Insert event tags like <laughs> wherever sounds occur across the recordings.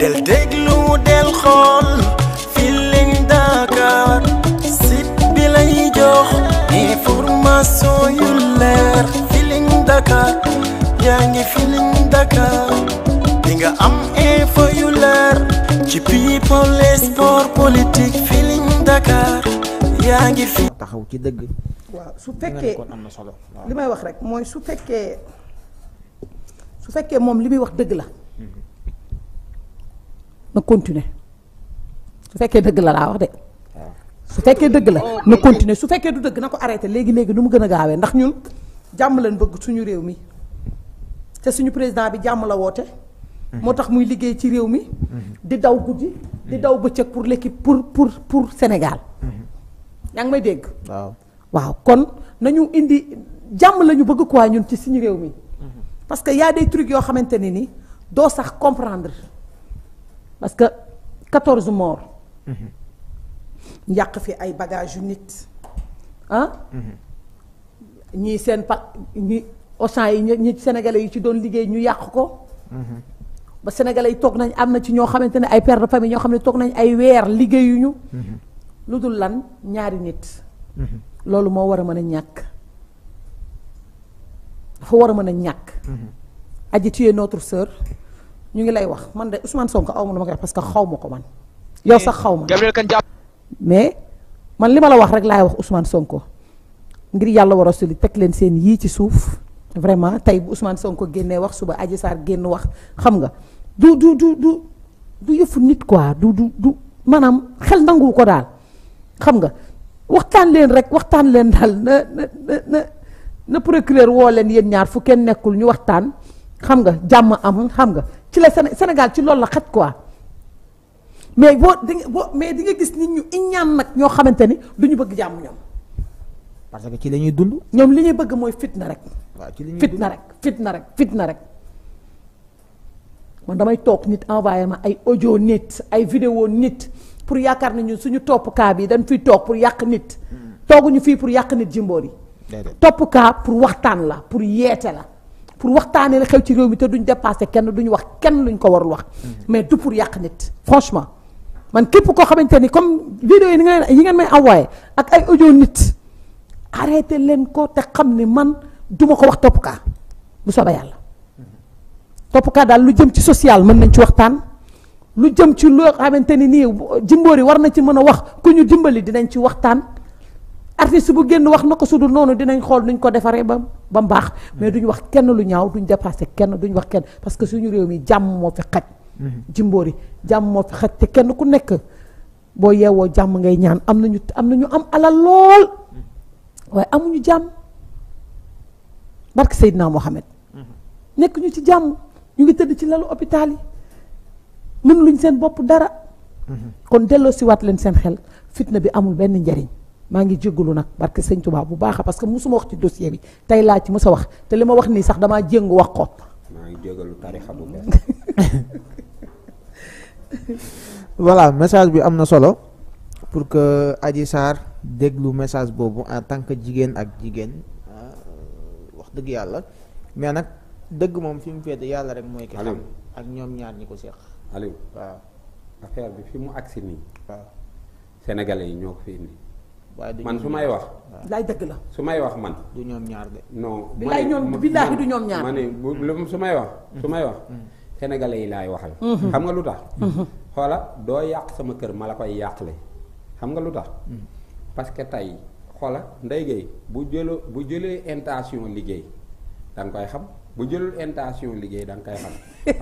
del déglu del xool Feeling Dakar site lay jox information yu leer Feeling Dakar yaa ngi Feeling Dakar di am info yu leer ci people sport politique Feeling Dakar yaa ngi fi. taxaw ci dëgg. waaw su fekkee am na solo li may wax rek mooy su fekkee su fekkee moom li muy wax dëgg la. Mhm. na continuer su fekkee dëgg la laa wax de. Ah. su fekkee dëgg la na continuer su fekkee du dëgg na ko arrêté léegi léegi nu mu gën a gaawee ndax ñun jàmm leen bëgg suñu réew mi suñu président bi jàmm la woote. moo tax muy liggéey ci réew mi. di daw guddi di daw bëccëg pour l'équipe pour pour pour Sénégal. yaa may dégg. waaw kon nañu indi jàmm la bëgg quoi ñun ci suñu réew mi. Mhm. parce que y a yoo xamante ne ni doo sax comprendre. parce que 14 morts. Mhm. yàq fi ay bagages yu nit ah. Mhm. ñii seen pa ñi Auchan yi ñi Sénégalais yi ci doon liggéey ñu yàq ko. Mhm. ba Sénégalais yi toog nañ am na ci ñoo xamante ne ay père de famille ñoo xam ne toog nañ ay weer liggéeyuñu. lu dul lan ñaari nit. loolu moo war a mën a ñàkk. foo war a mën a ñàkk. aji tuer notre sœur. ñu ngi lay wax man de Ousmane Sonko aw ma lu ma koy wax parce que xaw ma ko man. yow sax xaw ma mais man li ma la wax rek lay wax Ousmane Sonko ngir yàlla war a suli teg leen seen yii ci suuf vraiment tey bu Ousmane Sonko génnee wax suba Adji saar génn wax xam nga du du du du yëfu nit quoi du du du maanaam xel nangu ko daal xam nga waxtaan leen rek waxtaan leen daal na na na procureur woo leen yéen ñaar fu kenn nekkul ñu waxtaan xam nga jàmm am xam nga. ci la Sénégal ci loolu la xat quoi mais boo di boo mais di nga gis nit ñu iñaan nag ñoo xamante ni lu ñu bëgg jàmm ñoom. parce que ci la dund. ñoom li ñuy bëgg mooy fitna rek. ci la ñuy dund fitna rek fitna rek fitna rek. man damay toog nit envoyé ma ay ojo nit ay vidéo nit pour yaakaar nañu suñu topp kaa bi dañ fiy toog pour yàq nit. Hmm. tooguñu fii pour yàq nit jimboor yi. topp kaa pour waxtaan la pour yeete la. pour waxtaanee la xew ci réew mi te du ñu dépassé kenn du ñu wax kenn luñ ko warul wax. Mm-hmm. mais du pour yàq nit franchement. man képp koo xamante ni comme vidéo yi ngeen yi ngeen may envoyé ak ay audio nit arrêté leen ko te xam ne man duma ko wax topp kaa bu soobee yàlla mm-hmm. topp kaa daal lu jëm ci sociale mën nañ ci waxtaan lu jëm ci loo xamante ni nii jimboor yi war na ci mën a wax ku ñu dimbali dinañ ci waxtaan artiste bu génn wax na ko sudul noonu dinañ xool nuñ ko defaree ba ba mu baax mm-hmm. mais ñu wax kenn lu ñaaw duñ dépassé kenn duñ wax kenn parce que ñu réew mi jàmm moo fi xaj mm-hmm. jimboori jàmm moo fi xaj te kenn ku nekk boo yeewoo jàmm ngay ñaan am nañu am nañu am alal lool mm-hmm. waaye amuñu jàmm barke seydinaa Mohamed nekk ñu ci jàmm ñu ngi tëdd ci lalu hôpital yi mën luñ seen bopp dara kon delloo waat leen seen xel fitna bi amul benn njariñ maa ngi jéggalu nag barke sëñ Tuubaa bu baax parce que musuma wax ci dossier bi tey laa ci ma sa wax te li ma wax nii sax damaa jéngu wax ko. maa ngi jéggalu tarixa bu <laughs> voilà message bi am na solo pour que Adji Sarr déglu message boobu en tant que jigéen ak jigéen euh, wax dëgg yàlla mais nag dëgg moom fi mu féete yàlla rek mooy. ki xam ak ñoom ñaar ñi ko seq. Aliou waaw affaire bi fi mu agsi nii. waaw yi ñoo ko fi indi. man su may wax. laay dëgg la. su may wax man. du ñoom ñaar de. non billaay ñoom billaahi du ñoom ñaar. ma ne su may wax. su may wax. Mm. sénégalais yi laay waxal. Mm-hmm. xam nga lu tax. Mm-hmm. xoola doo yàq sama kër ma la koy yàqle xam nga lu tax. Mm. parce que tey xoola ndey gay bu jëloo bu jëlee intention liggéey da koy xam. bu jëlul intention liggéey da nga koy xam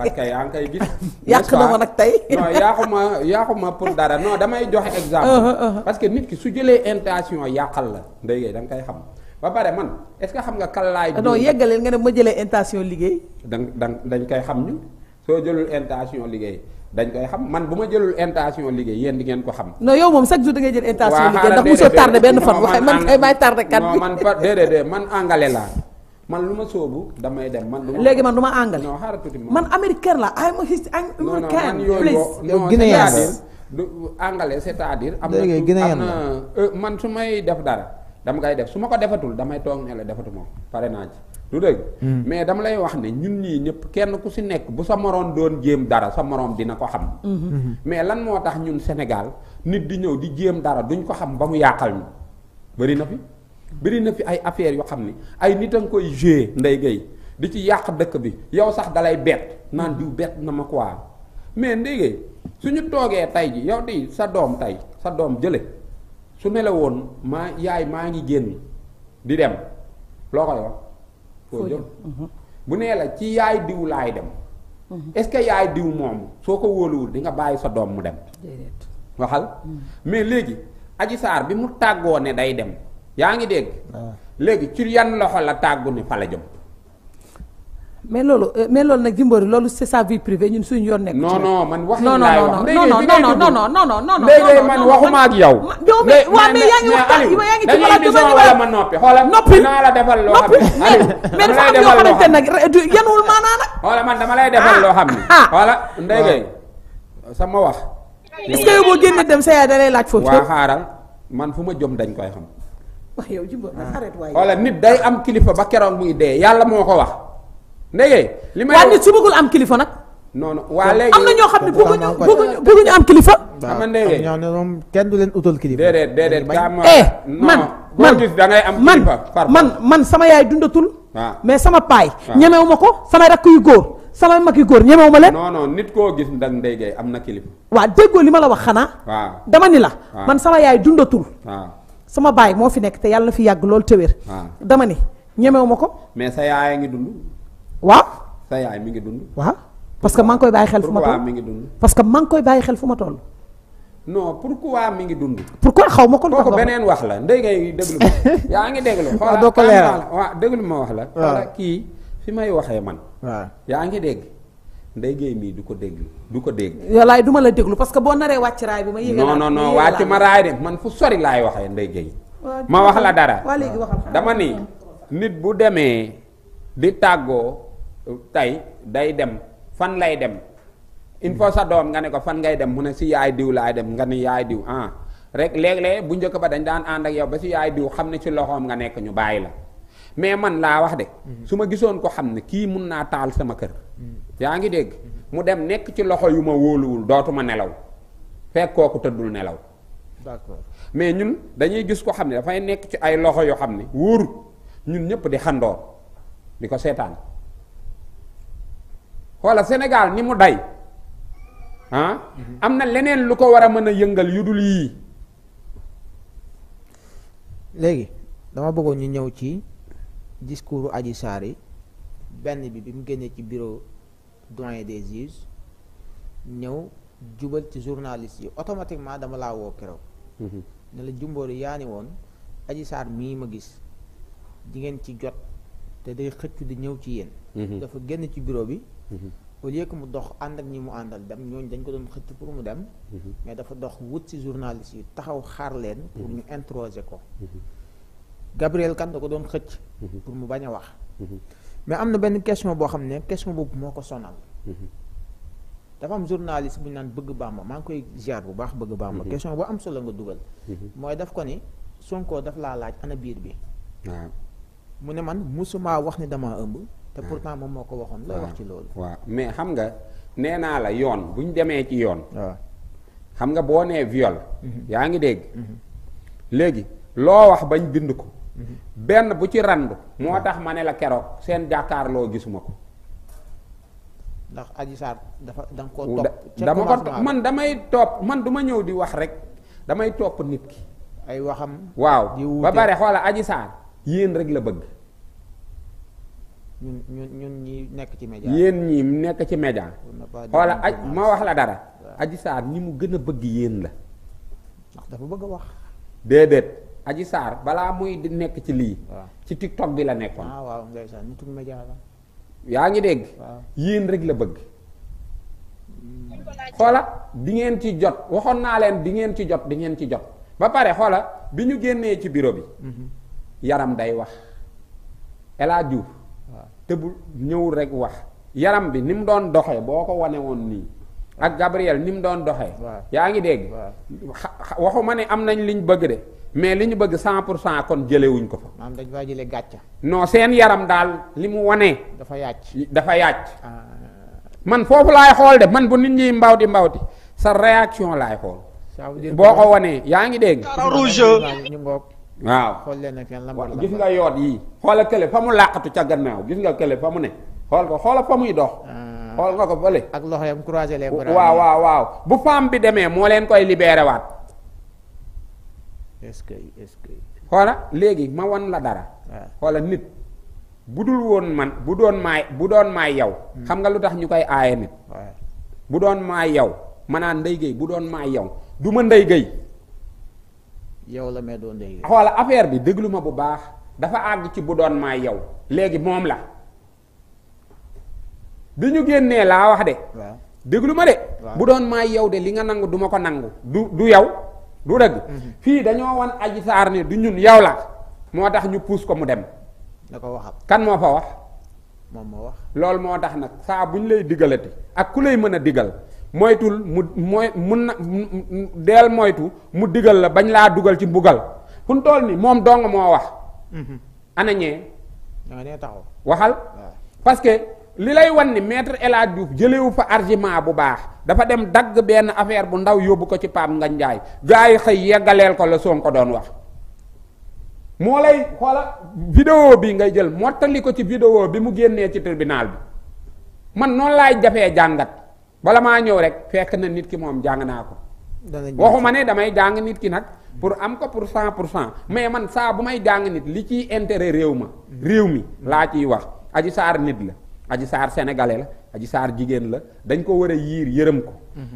parce que yaa ngi koy gis. <laughs> yàq na ma nag tey. <laughs> non yàquma yàquma pour dara non damay joxe exemple. Uh-huh, uh-huh. parce que nit ki su jëlee intention yàqal la ndéygéey da nga koy xam ba pare man est ce que xam nga kan laay. non yeggaleel nga ne ma jëlee intention liggéey. da dañ koy xam ñu soo jëlul intention liggéey. dañ koy xam man bu ma jëlul intention liggéey yéen di ngeen ko xam. non yow moom chaque jour da jël intention liggéey ndax mosoo tardé benn fan. waxee man kay may tardé kat bi non man déedéet man angale laa. man lu ma soobu damay dem man. léegi man du ma àngal non xaaral tuuti man américain la ay ma gis américain. non angale c'est-à-dire. am na euh, man su may def dara dama koy def su ma ko defatul damay toog ne la defatuma pare naa ci du dëgg. Hmm. mais dama lay wax ne ñun ñii ñëpp kenn ku si nekk bu sa moroom doon jéem dara sa moroom dina ko xam. Hmm. Hmm. mais lan moo tax ñun Sénégal nit di ñëw di jéem dara duñ ko xam ba mu yàqal ñu bëri na fi. bëri na fi ay affaires yoo xam ni ay nit a nga koy joué nday gay di ci yàq dëkk bi yow sax dalay bett naan diw bett na ma quoi mais nday gay suñu toogee tey ji yow di sa doom tey sa doom jële su ne la maa yaay maa ngi génn di dem loo koy wax bu nee la ci yaay diw laay dem mhm. est-ce que yaay diw moom soo ko wóoluwul di nga bàyyi sa doom mu dem waxal mhm. mais léegi aji saar bi mu tàggoo ne day dem yaa ngi dégg. Ah. léegi ci yan loxo la tàggu ni fa la jëm. mais loolu euh, mais loolu nag Jimbori loolu c'est sa vie privée ñun suñu yoon nekk. non non man wax non non non non non non non non léegi man waxuma ak yow. mais mais yaa ngi waxtaan yaa ngi ci wala dama ñu wala ma noppi xoolal noppi naa la defal loo xam ne mais dafa am yoo xamante nag yanuwul maanaa nag. xoolal man dama lay defal ah. loo xam ne. Ah. xoolal ndéygay sama wax. est-ce que yow boo génne dem sa yaay da lay laaj foofu. waaw xaaral man fu ma jëm dañ koy xam. wax yow jumbo dafa ah. arrêté waaye. wala nit day am kilifa ba keroog muy dee yàlla moo ko wax. ndege li may waa nit su bëggul am kilifa nag. am na ñoo xam ne bëgguñu bëgguñu bëgguñu am kilifa. Ah, xam nga ndege ñoo ne moom kenn du leen eh, man man da ngay am kilifa man sama yaay dundatul. Ah. mais sama paay. ñemewu ma ko samay rakk yu góor. sama mag yu góor ñemewu ma leen. non non nit koo gis ndax ndey am na kilifa. waa déggoo li ma la wax xanaa. dama ni la. man sama yaay dundatul. sama baay moo fi nekk te yàlla na fi yàgg loolu te wér. Ah. dama ni ñemewu ma ko. mais sa yaay ngi dund. waaw. sa yaay mi ngi dund. waaw parce que maa ngi koy bàyyi xel. fu ma toll mi ngi dund. parce que maa ngi koy bàyyi xel fu ma toll. non pourquoi mi ngi dund. pourquoi xaw ma ko lu beneen wax la ndey ngay déglu ma <laughs> yaa ngi déglu. waaw ah, doo ko leeral ma wax la. waaw ah. kii fi may waxee man. waaw yaa ngi dégg. Ndeye Gueye mii du ko déglu du ko dégg. du ma la déglu parce que boo naree wàcc raay ma. yéege non non non wàcc ma raay de man fu sori laay waxee Ndeye Gueye. ma wax la dara. dama ni nit bu demee di tàggoo tey day dem fan lay dem. il faut sa doom nga ne ko fan ngay dem mu ne si yaay diw laay dem nga ni yaay diw ah rek léeg-léeg bu njëkk ba dañ daan ànd ak yow ba si yaay diw xam ne ci loxoom nga nekk ñu bàyyi la mais man laa wax de. Mhm. su ma gisoon ko xam ne kii mun naa taal sama kër. yaa ngi dégg mu dem nekk ci loxo yu ma wóoluwul dootuma nelaw fekk kooku tëddul nelaw d'accord mais ñun dañuy gis ko xam ne dafay nekk ci ay loxo yoo xam ne wóorut ñun ñëpp di xandoor di ko seetaan xoola Sénégal ni mu day ah mhm. am na leneen lu ko war a mën a yëngal yu dul yii léegi dama bëggoon ñu ñëw ci discours Adji Sarr benn bi bi mu génnee ci bureau doyen des juges ñëw jubal ci journaliste yi automatiquement dama laa woo keroog. Mhm. ne la jumbóoru yaa ni woon aji saar mii ma gis di ngeen ci jot te day xëccu di ñëw ci yéen mhm. dafa génn ci bureau bi mhm. au lieu mu dox ànd ak ñi mu àndal dem ñooñ dañ ko doon xëcc pour mu dem mais dafa dox wut ci journaliste yi taxaw xaar leen pour ñu introger ko Gabriel Kane da ko doon xëcc pour mu bañ a wax mais am na benn question boo xam ne question boobu moo ko sonal. Mhm. dafa am journaliste bu ñu naan bëgg Bamba maa ngi koy ziar bu baax bëgg Bamba. Mhm. question bu am solo nga dugal. Mhm. mooy daf ko ni Sonko daf laa laaj ana biir bi. mu ne man musuma wax ni dama ëmb. te pourtant moom moo ko waxoon. looy wax ci loolu. waa mais xam nga nee naa la yoon bu ñu demee ci yoon. waaw xam nga boo nee viol. yaa ngi dégg. léegi loo wax bañ bind ko. benn bu ci randu mhm. moo tax ma ne la keroog seen jàkkaarloo gisuma ko ndax Adji Sarr dafa danga ko topp man damay topp man du ma ñëw di wax rek damay topp nit ki ay waxam waaw ba bare xoola Adji Sarr yéen rek la bëgg ñun nekk ci média yéen ñi nekk ci média xoola aj ma wax la dara Adji Sarr ñi mu gën a bëgg yéen la ndax dafa bëgg a wax déedéet Adji Sarr balaa muy di nekk ci lii. ci TikTok bi la nekkoon. ah waaw yaa ngi dégg. yéen rek la bëgg. xoola di ngeen ci jot waxoon naa leen di ngeen ci jot di ngeen ci jot ba pare xoola bi ñu génnee ci biro bi. Mhm. yaram day wax. El Hadj ñëwul rek wax. yaram bi ni mu doon doxee boo ko wane woon nii. ak Gabriel ni mu doon doxee. yaa ngi dégg. waxuma ne am nañ liñ bëgg de. mais li ñu bëgg 100 pour cent kon jëlewuñ ko fa. maanaam dañ faa jëlee gàcce. noo seen yaram daal li mu wane. dafa yàcc dafa yàcc. Ah. man foofu laay xool de man bu nit ñi mbawti mbawti sa réaction laay xool. boo ko wanee yaa ngi dégg. rouge. waaw xool gis nga yoot yi xoola kële fa mu làqatu ca gannaaw gis nga kële fa mu ne. xool ko xoola fa muy dox. Ah. xool nga ko fële. ak loxo yam croisé les bras. waaw waaw waaw bu femme bi demee moo leen koy libéré est-ce que est xoola léegi ma wan la dara. Ah. xoola nit bu dul woon man bu doon may bu doon may yow. Hmm. xam nga lu tax ñu koy aaye nit. bu doon maay yow manaan naan ndey bu doon may yow du ma ndey yow la may doon ndey gay. xoola affaire bi déglu ma bu baax dafa àgg ci bu doon may yow léegi moom la bi ñu génnee laa wax de. déglu ma de. bu doon maay yow de li nga nangu duma ko nangu du du yow. du dëgg fii dañoo wan aji saar ni du ñun yow la moo tax ñu puus ko mu dem da ko waxal kan moo fa wax moom moo wax loolu moo tax nag saa bu ñu lay digalati ak ku lay mën a digal moytul mu mooy mun na deel moytu mu digal la bañ laa dugal ci mbugal fu mu toll ni moom dong moo wax mhm. ana taxaw waxal parce li lay wan ni maître El Hadj Diouf jëlewu fa argument bu baax dafa dem dagg benn affaire bu ndaw yóbbu ko ci Pape nga Ndiaye gars yi xëy yeggaleel ko la Sonko doon wax moo lay xoola vidéo bi ngay jël mottali ko ci vidéo bi mu génnee ci tribunal bi man noonu laay jafee jàngat bala maa ñëw rek fekk na nit ki moom jàng naa ko waxuma ne damay jàng nit ki nag pour am ko pour cent pour cent mais man saa bu may jàng nit li ciy intérêt réew ma réew mi laa ciy wax aji saar nit la Adji Sarr sénégalais la Adji jigéen la dañ ko war a yiir yërëm ko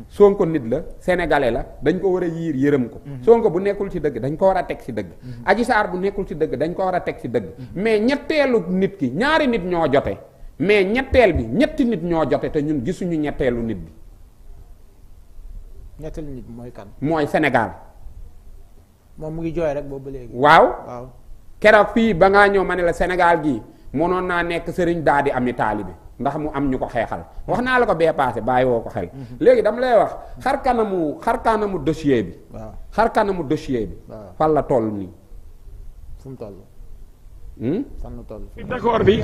Sonko nit la sénégalais la dañ ko war a yiir yërëm ko Sonko bu nekkul ci dëgg dañ ko war a teg ci dëgg Adji Sarr bu nekkul ci dëgg dañ ko war a teg ci dëgg mais ñetteelu nit ki ñaari nit ñoo jote mais ñetteel bi ñetti nit ñoo jote te ñun gisuñu ñetteelu nit bi ñetteelu nit mooy kan moom mu ngi jooy rek boobu léegi waaw keroog fii ba ngaa ñëw ma ne la senegaal gi mënoon naa nekk sëriñ daal di ami bi ndax mu am ñu ko xeexal wax naa la ko bee paase bàyyi woo ko xel mhm. léegi dama lay wax xar kanamu xar kanamu dossier bi xar kanamu dossier bi fan la toll nii fu mu toll hmm? fan la toll d'accord bi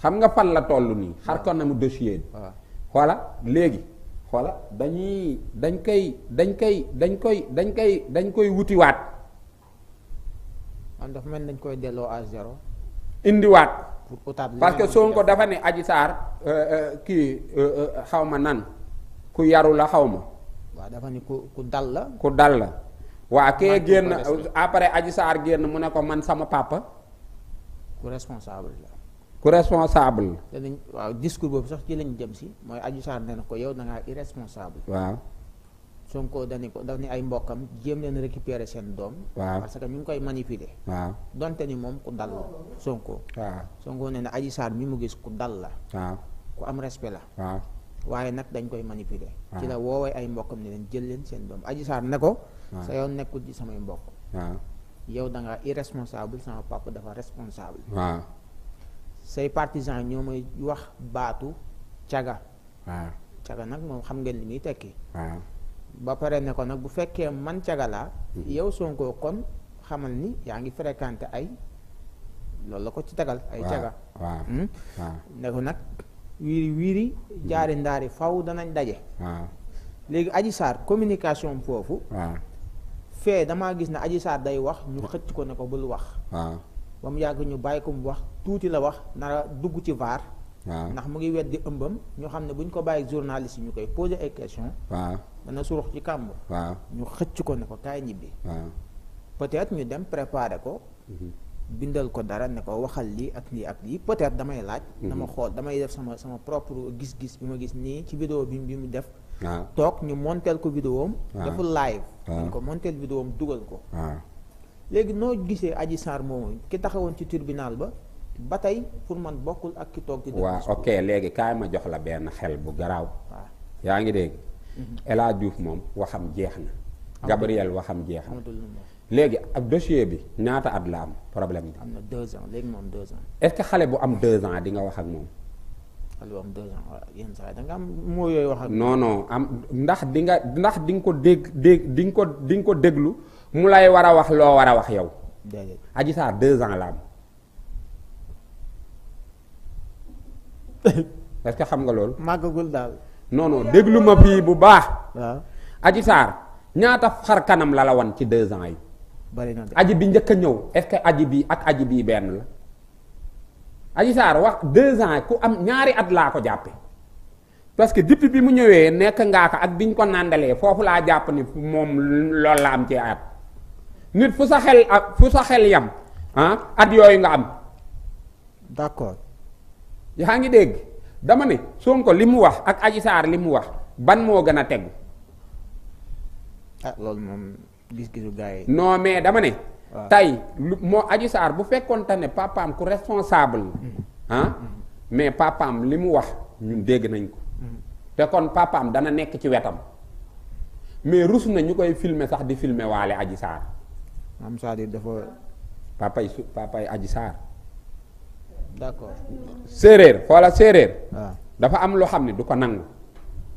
xam nga fan la toll nii xar kanamu dossier bi voilà léegi voilà dañuy dañ koy dañ koy dañ koy dañ koy dañ koy wutiwaat man dafa mel dañ koy delloo à zéro indiwaat. pour parce que Sonko dafa ne Adji saar euh, euh, kii euh, xaw ma nan ku yaru la xaw ma. waaw dafa ne ku ku dal la. ku dal la waa kee génn après Adji saar génn mu ne ko man sama papa. ku responsable la. ku responsable la. waaw discours boobu sax ci lañ jëm si mooy Adji Sarr ne na ko yow da ngaa irresponsable. waa Sonko dani ko daf ni ay mbokkam jéem leen récupérer seen doom. waa parce que ñu ngi koy manipuler. waaw donte ni moom ku dal la Sonko. Sonko nee na Adji Sarr mi mu gis ku dal la. waaw ku am respect la. waaw waaye nag dañ koy manipuler. ci la woowee ay mbokkam ne leen jël leen seen doom Adji Sarr ne ko. sa yoon nekkul ci samay mbokk. waaw yow da nga irresponsable sama papa dafa responsable. waaw say partisans ñoo may wax baatu caga. waaw caga nag moom xam ngeen li muy tekki. ba pare ne ko nag bu fekkee man cagalaa mhm. yow Sonko kon xamal ni yaa ngi fréquenté ay loolu la ko ci tagal ay caga hmm? waaw ne ko nag wiiri wiiri mhm. jaari ndaari faw danañ daje léegi Adji Sarr communication foofu fee damaa gis ne Adji Sarr day wax ñu xëcc ko ne ko bul wax ba mu yàgg ñu bàyyi ko mu wax tuuti la wax na dugg ci vaar ndax mu ngi weddi ëmbam ñoo xam ne bu ñu ko bàyyi journaliste yi ñu koy posé ay question mën na surux ci kàmb ñu xëcc ko ne ko kaay ñibbi waaw peut-être ñu dem préparer ko mhm. bindal ko dara ne ko waxal lii ak lii ak lii peut-être damay laaj mhm. dama xool damay def sama sama propre gis-gis bi ma gis nii ci vidéo bi bi mu def waaw toog ñu monteel ko vidéo am deful live ñu ko monteel vidéo dugal ko léegi noo gisee Adji sar moomu ki taxewoon ci tribunal ba ba tey pour man bokkul ak ki toog di waaw ok léegi kaay ma jox la benn xel bu garaaw yaa ngi dégg El Hadj Diouf moom waxam jeex na. Gabriel waxam jeex na. léegi ak dossier bi ñaata at la am problème bi. am na deux léegi moom deux ans. est-ce que xale bu am deux ans di nga wax ak moom. xale bu am yi da am moo wax ak. am ndax di nga ndax di nga ko dégg dégg di nga ko di ko déglu mu lay war a wax loo war a wax yow. déedéet Adji Sarr deux ans la am. <laughs> est xam nga loolu. non déglu ma fii bu baax. waaw Adji Sarr ñaata xar kanam la la wan ci deux ans yi. bari na aji bi njëkk a ñëw est-ce que aji bi ak aji bii benn la. Adji Sarr wax deux ans ku am ñaari at laa ko jàppe parce que depuis bi mu ñëwee nekk ngaa ko ak biñ ko nàndalee foofu laa jàpp ni moom loolu la am ci at. nit fu sa xel ak fu sa xel yam ah, at yooyu nga am. d'accord yaa ngi dégg. dama ne Sonko li mu wax ak Adji Sarr li mu wax ban moo gën a tegu. ah loolu moom mais dama ne. tey lu moo Adji bu fekkoonte ne papaam ku responsable mm-hmm. ah mais papaam li mu wax ñun dégg nañ ko. Mm-hmm. te kon papaam dana nekk ci wetam mais rus na ñu koy filmer sax di filmer waale Adji Sarr. am cest dafa. papay su papay Adji d'accord séeréer xoola séeréer. Ah. dafa am loo xam ne du ko nangu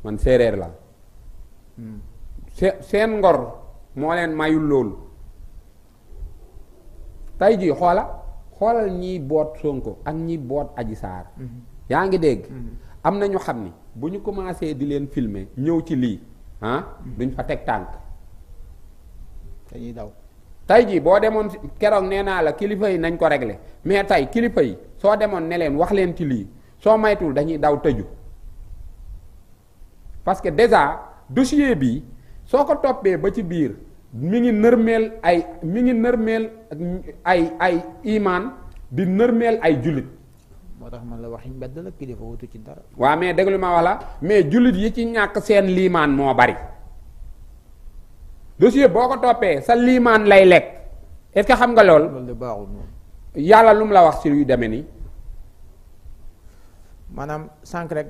man séeréer la hmm. se seen ngor moo leen mayul loolu tey ji xoola xoolal ñiy boot Sonko ak ñiy boot Adji Sarr. Hmm. yaa ngi dégg. Hmm. am na ñu xam ni bu ñu commencé di leen filme ñëw ci lii ah duñ fa teg tànk. dañuy daw tey jii boo demoon keroog nee naa la kilifa yi nañ ko régler mais tey kilifa yi. soo demoon neleen wax leen ci lii soo maytul dañuy daw tëju parce que déjà dossier bi soo ko toppee ba ci biir mi ngi nërmeel ay mi ngi nërmeel ay ay imaan di nërmeel ay jullit. moo tax man la wax mbedd la kilifa wutu mais déglu ma wax la mais jullit yi ci ñàkk seen liimaan moo bari dossier boo ko toppee sa liimaan lay lekk est-ce que xam nga lool. yàlla lu mu la wax ci yu demee nii. maanaam sànq rek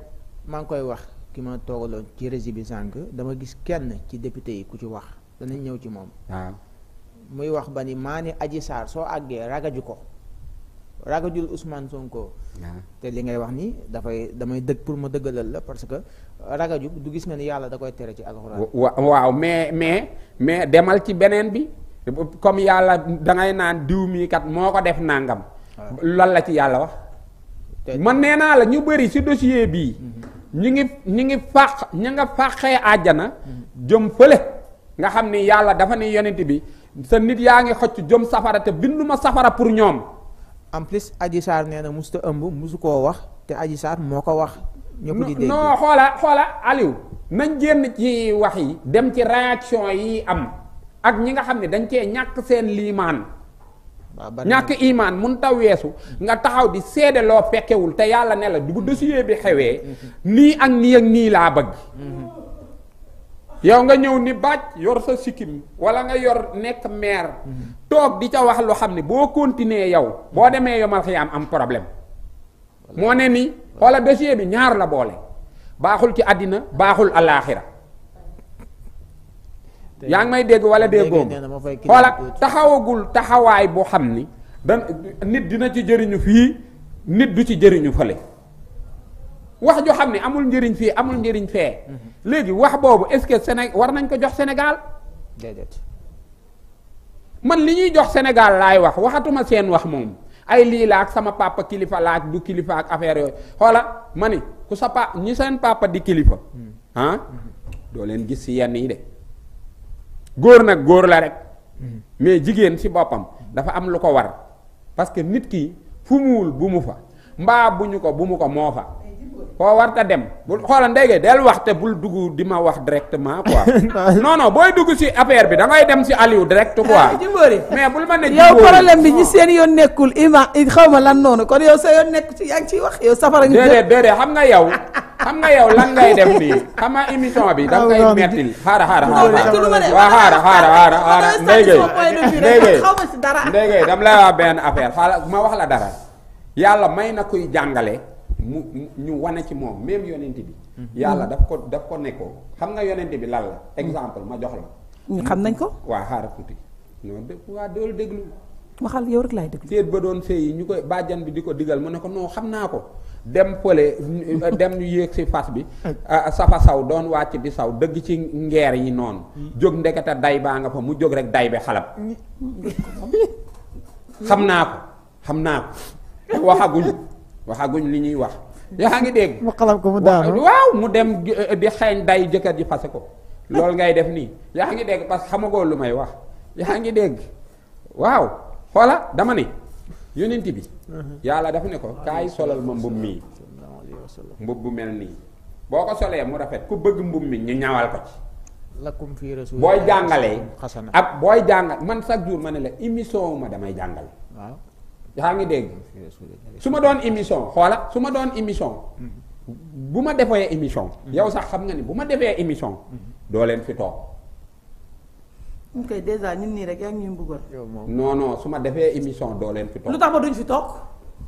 maa ngi koy wax ki ma toogaloon ci régie bi sànq dama gis kenn ci député yi ku ci wax danañ ñëw ci moom. waaw muy wax ba ni maa ni Adji Sarr soo àggee ragaju ko ragajul Ousmane Sonko. te li ngay wax nii dafay damay dëgg pour ma dëggalal la parce que ragaju du gis nga ni yàlla da koy tere ci alxuraan. waaw mais mais mais demal ci beneen bi. comme yàlla dangay naan diw mii kat moo ko def nàngam lan la ci yàlla wax man nee naa la ñu bëri si dossier bii mm-hmm. ñu ngi ñu ngi fàq ñu nga fàqee àjjana mm-hmm. jëm fële nga xam ni yàlla dafa ne yonent bi sa nit yaa ngi xocc jëm safara te binduma safara pour ñoom en plus Adji nee na musuta ëmb musu koo wax te Adji moo ko wax ñëpp di dégg non xoola xoola Aliou nañ génn ci wax yi dem ci réaction yi am ak ñi nga xam ne dañ cee ñàkk seen liimaan ñàkk iimaan mun taw weesu nga taxaw di seede loo fekkewul te yàlla ne la bu dossier bi xewee nii ak nii ak nii laa bëgg yow nga ñëw ni baaj yor sa sikkim wala nga yor nekk maire toog di ca wax lu xam ne boo continuer yow boo demee yomal xiyaam am problème moo ne ni xoola dossier bi ñaar la boole baaxul ci àddina baaxul alaaxira yaa ngi may dégg wala déggoom xoola taxawagul taxawaay boo xam ni dan nit dina ci jëriñu fii nit du ci jëriñu fële wax joo xam ne amul njëriñ fii amul njëriñ fee mhm. léegi wax boobu est-ce que war nañ ko jox Sénégal déedéet man li ñuy jox Sénégal laay wax waxatuma seen wax moom ay lii la ak sama papa kilifa la ak du kilifa ak affaire yooyu xoola ma ku sa pa ñi seen papa di kilifa hmm. ah hmm. doo leen gis si yenn yi de góor nag góor la rek hmm. mais jigéen ci boppam dafa am lu ko war parce que nit ki fu muwul bu mu fa mbaa bu ñu ko bu mu ko moo fa foo war dem bu xoola ndéygee del wax te bul dugg di ma wax directement quoi non non booy dugg si affaire bi da dem si Aliou direct quoi mais bul ma ne yow problème yoon nekkul ima xaw ma lan noonu kon yow sa xam nga yow xam nga yow lan ngay def nii xam nga émission bi da ngay mettil xaara xaara waa xaara xaara xaara xaara ndéygee lay wax benn affaire xaala ma wax la dara yàlla may na kuy jàngale mu ñu wane ci moom même yonent bi mhm. yàlla daf ko daf ko nekkoo xam nga yonent bi lan la exemple ma jox la ñu mm, xam nañ ko waa xaaral tuuti non dé waa doolu déglu waxal yow rek laay déglu séet ba doon fee yi ñu koy bàjjan bi di ko digal mu ne ko non xam naa ko dem pële <laughs> dem ñu yéeg si fas bi safa saw doon wàcc di saw dëgg ci ngeer yi noonu mm. jóg ndeketa day baa nga fa mu jóg rek day bi xalab mm. xam naa ko xam naa ko waxaguñu waxaguñ li ñuy wax. yaa ngi dégg. <laughs> mu xalam ko mu daanu waaw mu dem eh, di xeeñ day jëkkër ji fase ko. <laughs> loolu ngay def nii yaa ngi dégg parce que xamagoo lu may wax yaa ngi dégg waaw xoola dama ne yonent bi. Mhm. yàlla dafa ne ko kaay solal ma mbubb mii. mbubb bu mel nii. boo ko solee mu rafet ku bëgg mbubb mi ñu ñawal ko ci. lakum fi rasul booy jàngalee. xasana booy jàngal man chaque jour ma ne la émission ma damay jàngale. yaa ngi dégg su ma doon émission xoola su ma doon émission bu ma defee émission yow sax xam nga ni bu ma defee émission doo leen fi toog ñu koy dèjà ñun rek yaa ngi ñuy mbugal su ma defee émission doo leen lu tax ma duñ fi toog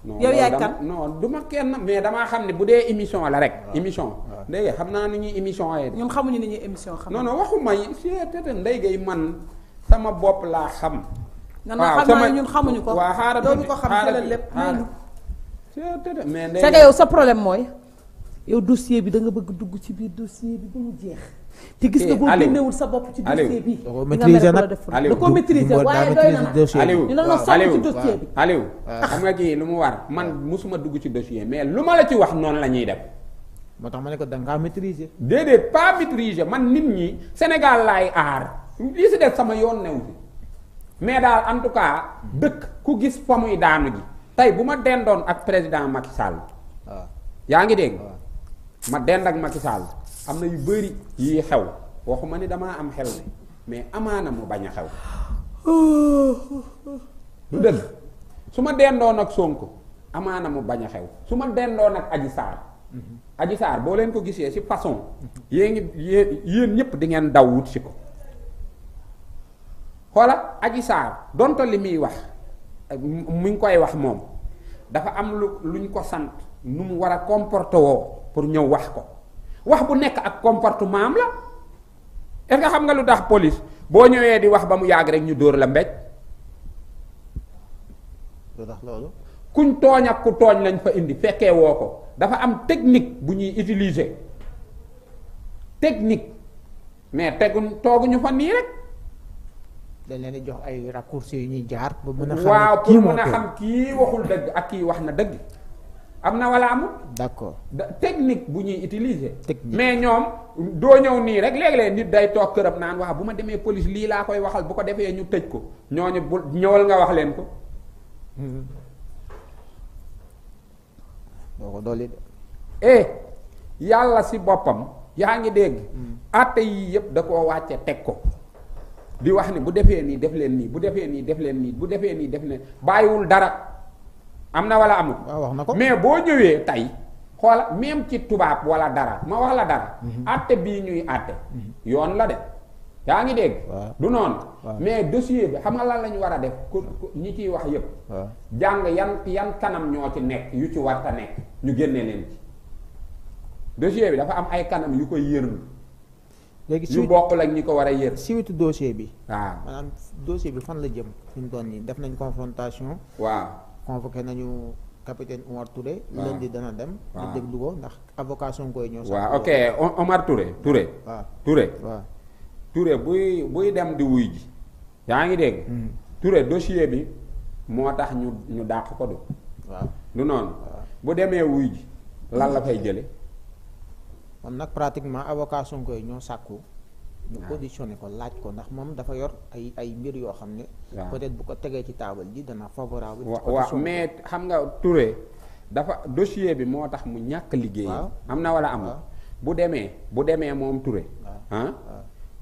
yow yaay kan non du ma kenn mais damaa xam ne bu dee émission la rek ah. émission ah. ndey xam naa ni ñuy émission waaye ñoom xamuñu ni ñuy émission xam non non waxuma yi si tete ndey gay man sama bopp laa xam waaw sama ñun xamuñu ko. waaw xaaral ñu ko xam xelal lépp. mais yow sa problème mooy. yow dossier bi danga bëgg dugg ci biir dossier bi ba mu jeex. te gis nga eh, boo génnewul sa bopp ci dossier bi. da koo maîtriser nag da koo maîtriser waaye doy na ñu la sànni ci dossier bi. Aliou ah. xam nga kii lu mu war man ah. musuma dugg ci dossier mais lu ma la ci wax noonu la ñuy def. moo tax ma ne ko da ngaa maîtriser. déedéet pas maîtriser man nit ñi Sénégal laay aar li si def sama yoon new fi mais daal en tout cas dëkk ku gis fa muy daanu ji tey bu ma dendoon ak président Macky Sall. Ah. yaa ngi dégg. Ah. ma dend ak Macky Sall am na yu bëri yi xew waxuma ni damaa am xel mais amaana mu bañ a xew. du dëgg su ma dendoon ak Sonko amaana mu bañ a xew su ma dendoon ak Adji Sarr. Mhm. Adji Sarr boo leen ko gisee si façon. yee ngi yéen yéen ñëpp di ngeen daw wut si ko. xoola aji saar donto li muy wax mu ngi koy wax moom dafa am lu lu luñ ko sant nu mu war a comporté woo pour ñëw wax ko wax bu nekk ak comportement am la est-ce xam nga lu tax police boo ñëwee di wax ba mu yàgg rek ñu dóor la mbéj lu loolu kuñ tooñ ak ku tooñ lañ fa indi fekkee woo ko dafa am technique bu ñuy utiliser technique mais teguñ tooguñu fa nii rek dañ leen di jox ay raccourcis yu ñuy jaar. ba mën a xam waaw pour mën a xam kii waxul dëgg ak kii wax na dëgg. am na wala amul. d'accord technique bu ñuy utiliser. mais ñoom doo ñëw nii rek léeg leen nit day toog këram naan waa bu ma demee police lii laa koy waxal bu ko defee ñu tëj ko ñooñu bu ñëwal nga wax leen ko. doo ko dolli de. Eh, yàlla si boppam yaa ngi dégg. àtte hmm. yii yëpp da koo wàcce teg ko. di wax ni bu defee nii def leen nii bu defee nii def leen nii bu defee nii def leen bàyyiwul dara am na wala amul. wax na ko mais boo ñëwee tey xool même ci tubaab wala dara ma wax la dara. àtte mhm. bii ñuy àtte. Mhm. yoon la de yaa ngi dégg. du noonu. mais dossier bi xam nga lan la ñu war a def ku ñi ciy wax yëpp. jàng yan yan kanam ñoo ci nekk yu ci war nekk ñu génne leen ci. dossier bi dafa am ay kanam yu koy yërëm. léegi su bokkul ak ñi ko war a yër suite dossier bi. waaw maanaam dossier bi fan la jëm fi mu toll nii def nañ confrontation. waaw convoqué nañu. capitaine Omar Touré. waaw lundi dana dem. waaw di déglu ko ndax avocat Sonko koy ñëw. waaw ok Omar Touré Touré. waaw Touré. Touré buy buy dem di wuy ji. yaa ngi dégg. Hmm. Touré dossier bi moo tax ñu ñu dàq ko du. waaw du noonu. bu demee wuy ji lan la fay jële moom nag pratiquement avocation Sonko yi ñoo sàkku ñu positionné ko laaj ko ndax moom dafa yor ay ay mbir yoo xam ne peut-être bu ko tegee ci taabal ji dana favorable waaw mais xam nga Touré dafa dossier bi moo tax mu ñàkk liggéey am na wala amul bu demee bu demee moom Touré ah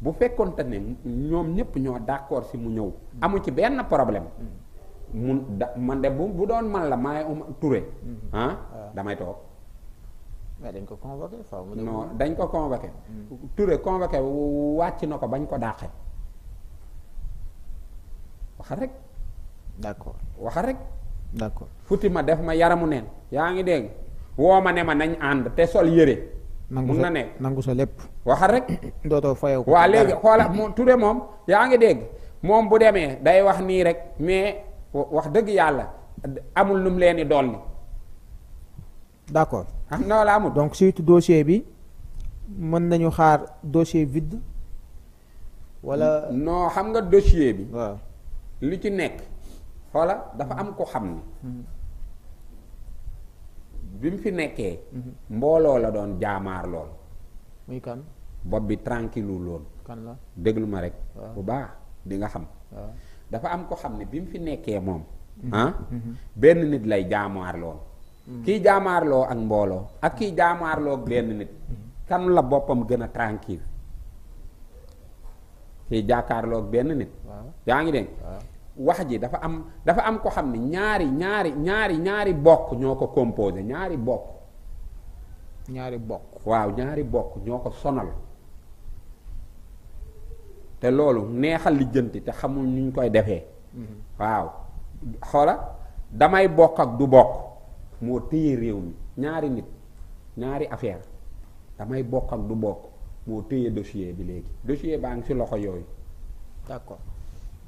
bu fekkonte ne ñoom ñëpp ñoo d'accord si mu ñëw amu ci benn problème mm. mun da man de bu bu doon man la maay um Touré mm. ah, damay toog mais dañ ko convoqué faaw mu non dañ ko convoqué. Mm. Touré convoqué wàcc na ko bañ ko dàqe. waxal rek. d'accord waxal rek. d'accord futti ma def ma yaramu neen yaa ngi dégg woo ma ne ma nañ ànd te sol yére. mun na nangu sa lépp. waxal rek. <coughs> dootoo fayoo ko. waaw léegi xoola mu Touré moom yaa ngi dégg moom bu demee day wax nii rek mais wax dëgg yàlla amul nu mu leen di dolli. d'accord. am na wala amul donc surtout dossier bi mën nañu xaar dossier vide wala noo xam nga dossier bi lu ci nekk xoola dafa am ko xam ni mm-hmm. bi mu fi nekkee mm-hmm. mbooloo la doon jaamaar lool muy kan bopp bi tranquille lool kan la déglu ma rek bu baax di nga xam dafa am ko xam ne bi mu fi nekkee moom mm-hmm. ah benn nit lay jaamaar lool Mm. kii jaamaarloo ak mbooloo ak kii jaamaarloo ak benn nit kan la boppam gën a tranquille kii jàkkaarloo ak benn nit yaa ngi dégg wax ji dafa am dafa am ko xam ne ñaari ñaari ñaari ñaari bokk ñoo ko composé ñaari bokk ñaari bokk ñaari bokk ñoo ko sonal te loolu neexal lijjanti te xamul nuñ koy defee mm-hmm. waaw xoola damay bokk ak du bokk moo téye réew mi ñaari nit ñaari affaire damay bokk ak du bokk moo téye dossier bi léegi dossier baa ngi si loxo yooyu. d'accord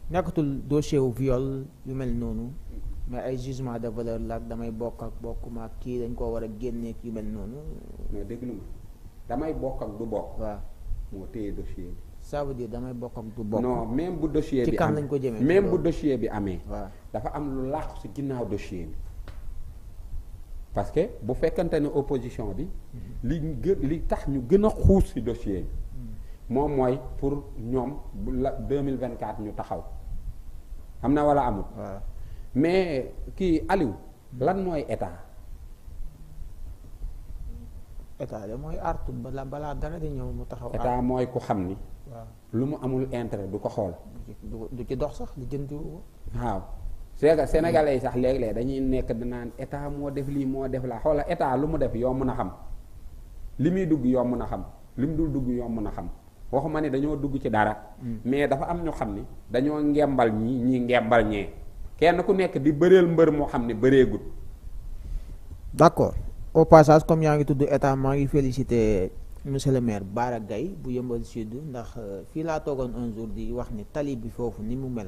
nekkatul dossier wu viol yu mel noonu mais ay jugement de valeur damay bokk ak bokkuma ak kii dañ koo war a génneeg yu mel noonu. mais dégg nga damay bokk ak du bokk. waa moo téye dossier bi. ça veut damay bokk ak du bokk. non même bu dossier bi. ci ko jëmee même bu dossier bi amee. waa dafa am lu làqu ci ginnaaw dossier bi. parce que bu fekkante ne opposition bi li gë li tax ñu gën a xuus ci dossier bi moom mooy pour ñoom bu la mille 2024 ñu taxaw am na wala amul mais kii Aliou lan mooy état état mooy artu balaa balaa dara di mu taxaw état mooy ku xam ni lu mu amul intérêt du ko xool du ci dox sax di jëndiwu waaw c'est sénégalais mm. yi sax léeg-léeg dañuy nekk dinaan état moo def lii moo def laa xoola état lu mu def yomb na xam li muy dugg yomb na xam li mu dul dugg yomb na xam waxuma ni dañoo dugg ci dara mm. mais dafa am ñu xam ni dañoo ngembal ñi ñi ngembal ñee kenn ku nekk di bëreel mbër moo xam ne bëreegut d'accord au passage comme yaa ngi tudd état maa ngi félicité monsieur le maire Bara Gaye bu yëmbal sud ndax euh, fii laa toogoon un jour di wax ni tali bi foofu ni mu mel